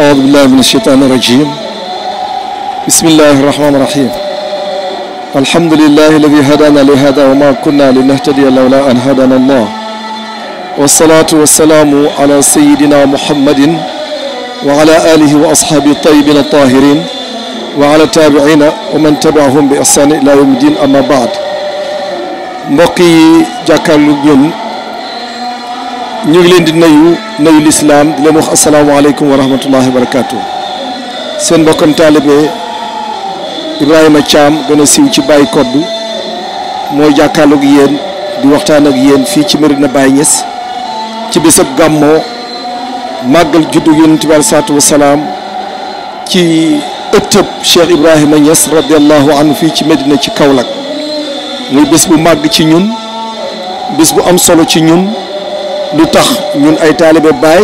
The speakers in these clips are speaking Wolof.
أعوذ بالله من الشيطان الرجيم بسم الله الرحمن الرحيم الحمد لله الذي هدانا لهذا وما كنا لنهتدي لولا أن هدانا الله والصلاة والسلام على سيدنا محمد وعلى آله وأصحابه الطيبين الطاهرين وعلى التابعين ومن تبعهم بإحسان إلى يوم الدين أما بعد mbokk yi jàkkaarlu ñun ñu ngi leen di nuyu nuyu lislaam di leen wax asalaamaaleykum wa rahmatullahi wa barakaatu seen mbokkam taalibe Ibrahima Thiam gën a siiw ci Baye Koddu mooy jàkkaarloog yéen di waxtaan ak yéen fii ci Medina Baye Niass ci bésab gàmmoo màggal juddu yonent bi aleyhi salaatu wa salaam ci ëttëb Cheikh Ibrahima Niass radiallahu anhu fii ci Medina ci Kaolack muy bés bu màgg ci ñun bés bu am solo ci ñun. du tax ñun ay taalibe baay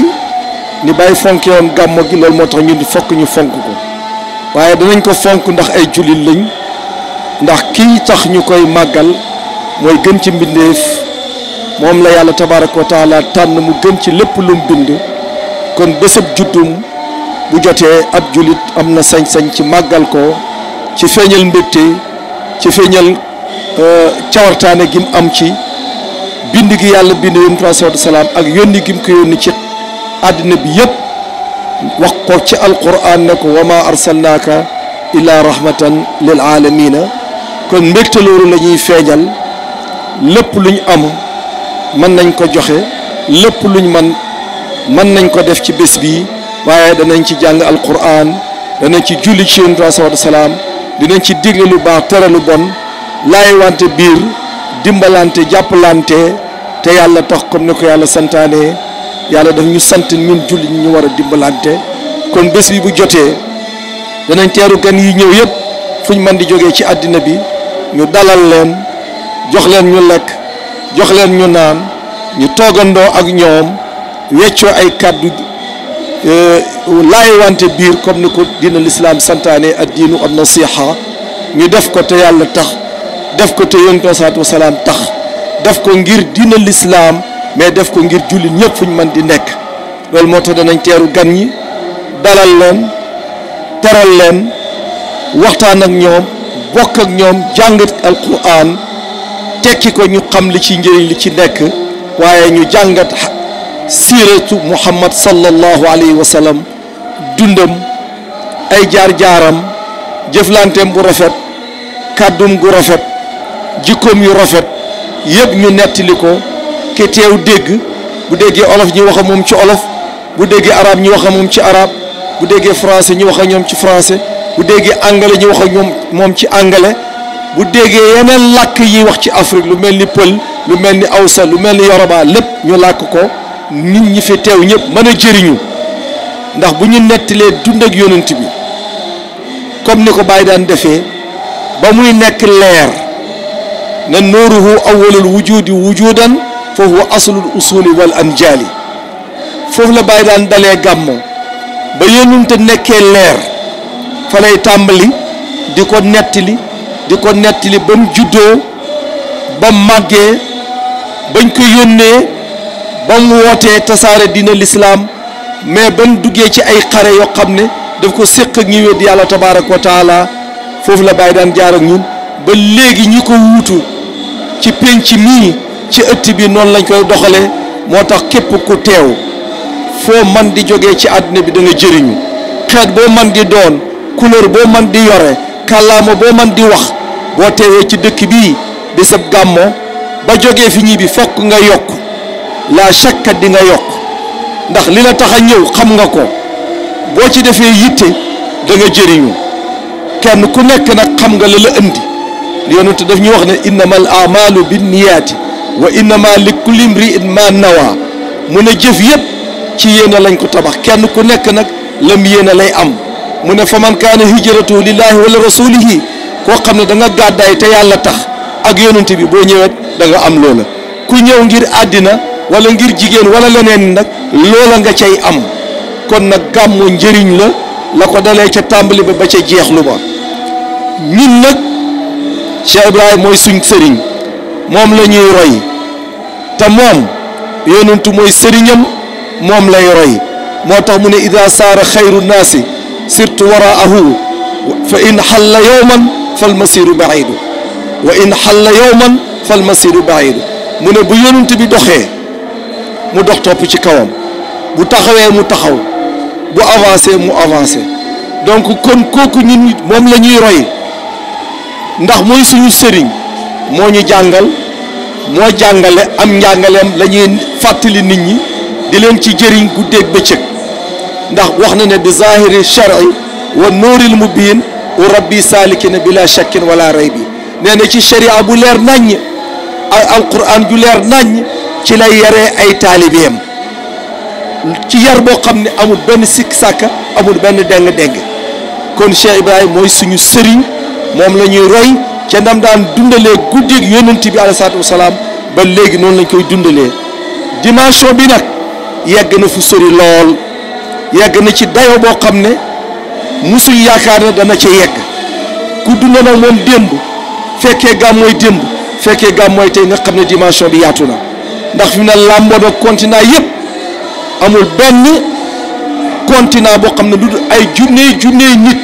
ni baay fonke yoon gàmmo gi loolu moo tax ñun fokk ñu fonk ko waaye danañ ko fonk ndax ay jullit lañ ndax kii tax ñu koy màggal mooy gën ci mbindeef moom la yàlla tabaaraka wa tànn mu gën ci lépp lu bind kon bésab juddum bu jotee ab jullit am na sañ-sañ ci màggal ko ci feeñal mbégte ci feeñal euh, cawartaane gi am ci bind gi yàlla bind yonent bi salaatu salaam ak yónni gi mu ko yónni ci àddina bi yëpp wax ko ci alquran ne ko wa ma arsalnaaka illa rahmatan lil alamina kon mbégte loolu la ñuy lépp luñ am mën nañ ko joxe lépp luñ man mën nañ ko def ci bés bi waaye danañ ci jàng alquran danañ ci julli ci yonent bi salaatu salaam dinañ ci digle lu baax tere bon laay wante biir dimbalante jàppalante te yàlla tax comme ni ko yàlla santaane yàlla daf ñu sant ñun julli ñu war a dimbalante kon bés bi bu jotee danañ teeru gan yi ñëw yëpp fu ñu mën di jógee ci àddina bi ñu dalal leen jox leen ñu lekk jox leen ñu naan ñu toogandoo ak ñoom weccoo ay kàddu e, laay wante biir comme ni ko diina lislaam santaane ak diinu an nasiha ñu def ko te yàlla tax def ko te yonent bi salaatu wasalaam tax def ko ngir diina lislaam mais def ko ngir jullit ñëpp fuñ mën di nekk loolu moo tax danañ teeru gan ñi dalal leen teral leen waxtaan ak ñoom bokk ak ñoom jàngat alquran tekki ko ñu xam li ci njëriñ li ci nekk waaye ñu jàngat siiratu muhammad sallallahu alayhi wa sallam dundam ay jaar-jaaram jëflanteem bu rafet kàddum gu rafet jikkoom yu rafet yëpp ñu nettali ko ke teew dégg bu déggee olof ñu wax ak moom ci olof bu déggee arabe ñi wax ak moom ci araab bu déggee français ñu wax ak ñoom ci français bu déggee anglais ñu wax ak ñoom moom ci anglais bu déggee yeneen làkk yi wax ci Afrique lu mel ni pël lu mel ni awsa lu mel ni yorobaa lépp ñu làkk ko nit ñi fi teew ñëpp mën a jëriñu ndax bu ñu nettalee dund ak yonent bi comme ni ko Baye daan defee ba muy nekk leer ne nuuruhu awwalul wujudi wujudan fa huwa usuli wal anjaali foofu la bàyyi daan dalee gàmmo ba yonente nekkee leer fa tàmbali di ko nettali di ko nettali ba mu juddoo ba mu màggee bañ ko yónnee ba mu wootee tasaare dina lislaam mais ban duggee ci ay xare yoo xam ne daf ko séq ak ñi wedd yàlla tabaaraka wa foofu la bàyyi daan jaar ak ñun ba léegi ñi ko wuutu ci pénc mii ci ëtt bi noonu lañ koy doxalee moo tax képp ku teew foo man di jóge ci àdduna bi da nga jëriñu xeet boo man di doon couleur boo man di yore kàllaama boo man di wax boo teewee ci dëkk bii sab gàmmo ba jóge fi ñii bi fokk nga yokk la chakka di nga yokk ndax li la tax a ñëw xam nga ko boo ci defee yitte da nga jëriñu kenn ku nekk nag xam nga la la indi yonent daf ñu wax ne innamal amalu binniyaati wa innama li kulli imri'in ma nawa mu ne jëf yëpp ci yéena lañ ko tabax kenn ku nekk nag lam yéene lay am mu ne fa man kaana hijratu lillahi wala rasulihi koo xam ne danga nga gàddaay te yàlla tax ak yonent bi boo ñëwee danga am loola ku ñëw ngir àddina wala ngir jigéen wala leneen nag loola nga cay am kon nag gàmmu njëriñ la la ko dalee ca tàmbali ba ba ca jeexlu ba ñun nag Cheikh Ibrahima mooy suñ sëriñ moom la ñuy roy te moom yonentu mooy sëriñam moom lay roy moo tax mu ne ida saara xayru naasi sirtu waraahu fa in xalla yowman fal masiru baidu wa in xalla yowman fal masiru baidu mu ne bu yonent bi doxee mu dox topp ci kawam bu taxawee mu taxaw bu avancé mu avancé donc kon kooku ñun moom la ñuy roy ndax mooy suñu sëriñ moo ñu jàngal moo jàngale am njàngaleem la ñuy fàttali nit ñi di leen ci jëriñ guddeeg bëccëg ndax wax na ne bi zahiri shar'i wa nuuril mubiin u rabbi salikina bila shakkin wala rey bi nee na ci sharia bu leer naññ ak alquran ju leer naññ ci lay yaree ay taalibeem ci yar boo xam ne amul benn sikk sàkk amul benn deng deng kon Cheikh Ibrahima mooy suñu sëriñ moom la ñuy roy ca ndam daan dundalee guddeeg yonent bi alayhi salaatu wasalaam ba léegi noonu lañ koy dundalee dimension bi nag yegg na fu sori lool yegg na ci dayo boo xam ne musul yaakaar ne dana ca yegg ku dunda nag moom démb fekkee gàmm mooy démb fekkee gàmm mooy tey nga xam ne dimension bi yaatu na ndax fi mu ne làmboo na continent yëpp amul benn continent boo xam ne du ay junne junne nit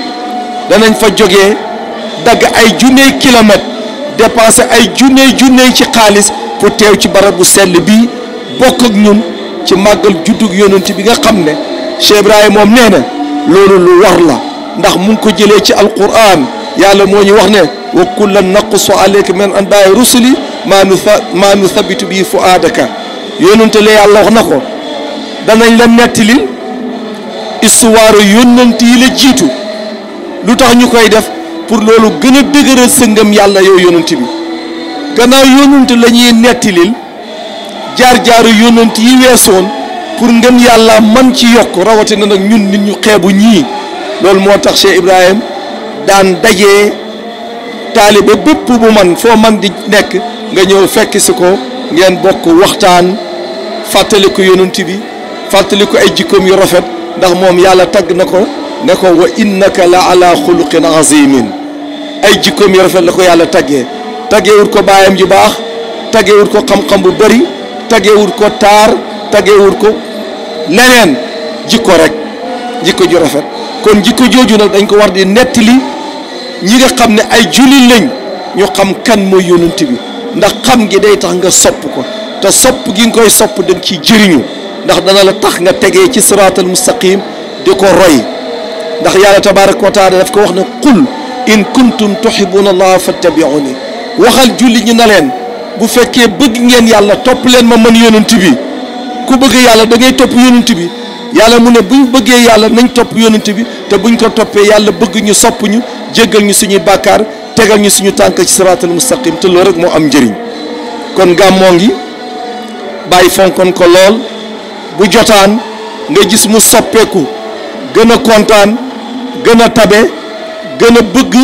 danañ fa jóge dagg ay junney kilomètre dépensé ay junney junney ci xaalis pour teew ci barab bu sell bii bokk ak ñun ci màggal juddug yonent bi nga xam ne Cheikh moom nee na loolu lu war la ndax mu ko jëlee ci alquran yàlla moo ñu wax ne wa la naqussu alayka min anbaa'i rusuli maa nu maa nu thabitu bii fuaadaka yonente la yàlla wax na ko danañ la nettali istuwaaru yonent yi la jiitu lu tax ñu koy def pour loolu gën a dëgëral sa ngëm yàlla yow yonent bi gannaaw yonent la ñuy nettilil jaar-jaaru yonent yi weesoon pour ngëm yàlla man ci yokk rawatina nag ñun nit ñu xeebu ñii loolu moo tax Cheikh Ibrahim daan dajee taaliba bépp bu man foo man di nekk nga ñëw fekk si ko ngeen bokk waxtaan fàttaliku yonent bi fàttaliku ay jikkoom yu rafet ndax moom yàlla tagg na ko ne ko wa innaka la ala xuluqin azimin ay jikkoom yu rafet la ko yàlla taggee taggeewut ko baayam ju baax taggeewut ko xam-xam bu bëri taggeewut ko taar taggeewut ko leneen jikko rek jikko ju rafet kon jikko jooju nag dañ ko war di nettali ñi nga xam ne ay jullit lañ ñu xam kan mooy yonent bi ndax xam gi day tax nga sopp ko te sopp gi nga koy sopp da ci ciy jëriñu ndax dana la tax nga tegee ci siraatal mustaqim di ko roy ndax yàlla tabaraka wa taala daf ko wax ne qul in kuntum tuhibuuna allah fattabiuni waxal julli ñi na leen bu fekkee bëgg ngeen yàlla topp leen ma mën yonent bi ku bëgg yàlla da ngay topp yonent bi yàlla mu ne buñ bëggee yàlla nañ topp yonent bi te buñ ko toppee yàlla bëgg ñu soppuñu ñu jéggal ñu suñuy bàkkaar tegal ñu suñu tànk ci siraatal mustaqim te loolu rek moo am njëriñ kon gàmmoo ngi bàyyi fonkoon ko lool bu jotaan nga gis mu soppeeku gën a kontaan gën a tabe gën a bëgg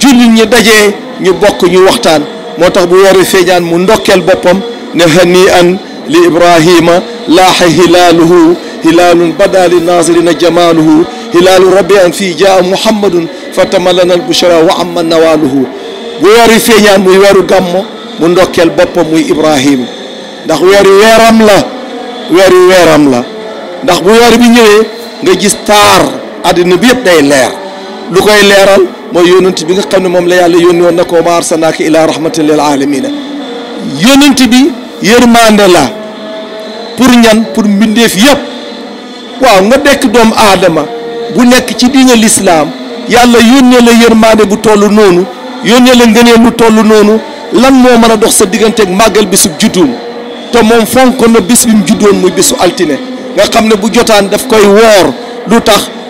jullit ñi dajee ñu bokk ñu waxtaan moo tax bu weeru feeñaan mu ndokkel boppam ne hani an li ibrahima laaxa hilaaluhu hilaalun bada li naasirina jamaaluhu hilaalu rabbi an fii jaa muhammadun fatamalana albushra wa amma nawaaluhu bu weeru feeñaan muy weeru gàmmo mu ndokkeel boppam muy ibrahima ndax weeru weeram la weeru ndax bu weer bi ñëwee nga gis taar àddina bi yëpp day leer lu koy leeral mooy yónent bi nga xam ne moom la yàlla yónni woon na ko ma arsalnaaka ilaa rahmatan lil aalamiina yónent bi yërmande la pour ñan pour mbindeef yëpp waaw nga dekk doomu aadama bu nekk ci diine lislaam yàlla yónnee la yërmande bu toll noonu yónnee la ngëneel lu toll noonu lan moo mën a dox sa digganteeg màggal bisub judduum te moom fonk na bis bi mu juddoon muy bisu altine nga xam ne bu jotaan daf koy woor lu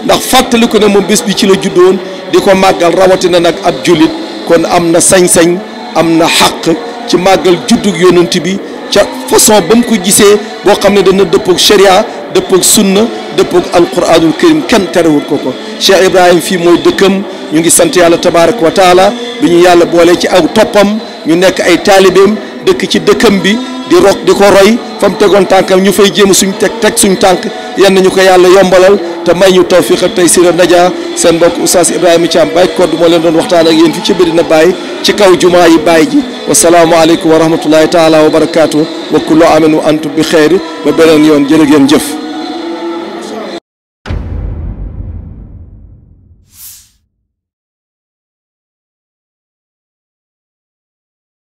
ndax fàttaliku ne moom bés bi ci la juddoon di ko màggal rawatina nag ab jullit kon am na sañ-sañ am na xàq ci màggal juddug yonent bi ca façon ba mu ko gisee boo xam ne dana dëppoog sharia dëppoog sunna dëppoog alquranul karim kenn terewul ko ko Cheikh Ibrahim fii mooy dëkkam ñu ngi sant yàlla tabarak wa taala bi ñu yàlla boolee ci aw toppam ñu nekk ay taalibeem dëkk ci dëkkam bi di rok di ko roy fa mu tegoon tànkam ñu fay jéem suñu teg teg suñu tànk yenn ñu ko yàlla yombalal te may ñu tawfiq ak taysiir najaa seen mbokk oustaz Ibrahima Thiam Baye Codou moo leen doon waxtaan ak yéen fi ci Medina Baye ci kaw jumaa yi Baye ji wasalaamualeykum wa rahmatullahi taala wa barakaatu wa kullu amin wa antum bi xeyr ba beneen yoon jërë ngeen jëf